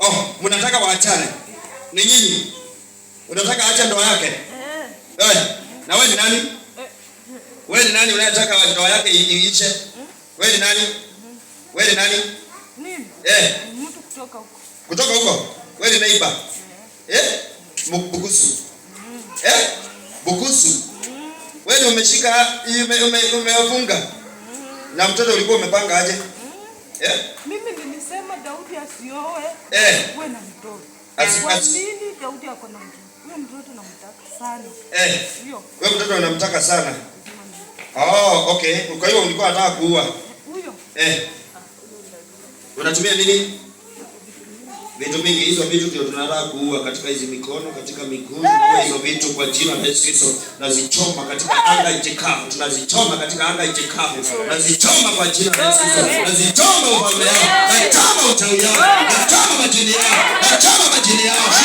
Oh, mnataka waachane? Ni nyinyi. Unataka aache ndoa yake? Eh. Hey, eh, na wewe ni nani? Wewe ni nani unayetaka ndoa yake iishe? Wewe ni nani? Wewe ni nani? Mimi. Eh. Mtu kutoka huko. Kutoka huko? Wewe ni neiba? Eh? Mbukusu. Eh? Mbukusu. Eh? Wewe umeshika umefunga. Mm. Na mtoto ulikuwa umepanga aje? Eh? Mimi nilisema Daudi asioe. Eh. Kuwe na mtoto. Kwa nini Daudi ako na mtoto? Huyo mtoto namtaka sana. Eh. Huyo mtoto anamtaka sana. Oh, okay. Kwa hiyo ulikuwa unataka kuua. Huyo. Eh. Unatumia nini? vitu mingi. Hizo vitu ndio tunataka kuua katika hizi mikono, katika miguu. Hizo vitu kwa jina la Yesu Kristo nazichoma katika anga ijekavu, tunazichoma katika anga ijekavu, nazichoma kwa jina la Yesu Kristo, nazichoma uvamiao, nachoma uchawi wao, nachoma majini yao, nachoma majini yao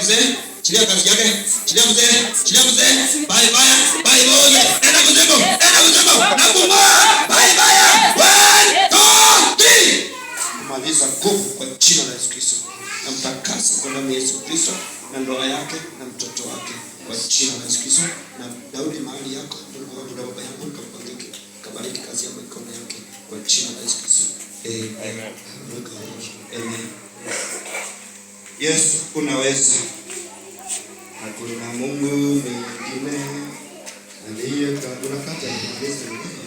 mzee, chilia kazi yake, chilia mzee, chilia mzee, bye bye, bye bye, enda kuzimu, enda kuzimu, na kumwa, bye bye, one, two, three. Kumaliza nguvu kwa jina la Yesu Kristo, na mtakasa kwa damu ya Yesu Kristo, na ndoa yake na mtoto wake kwa jina la Yesu Kristo. Na Daudi, mahali yako ndio kwa baba yangu, kabariki, kabariki kazi ya mikono yake kwa jina la Yesu Kristo. Amen. Amen. Yesu kuna uwezo, hakuna Mungu mwingine aliye kama unakata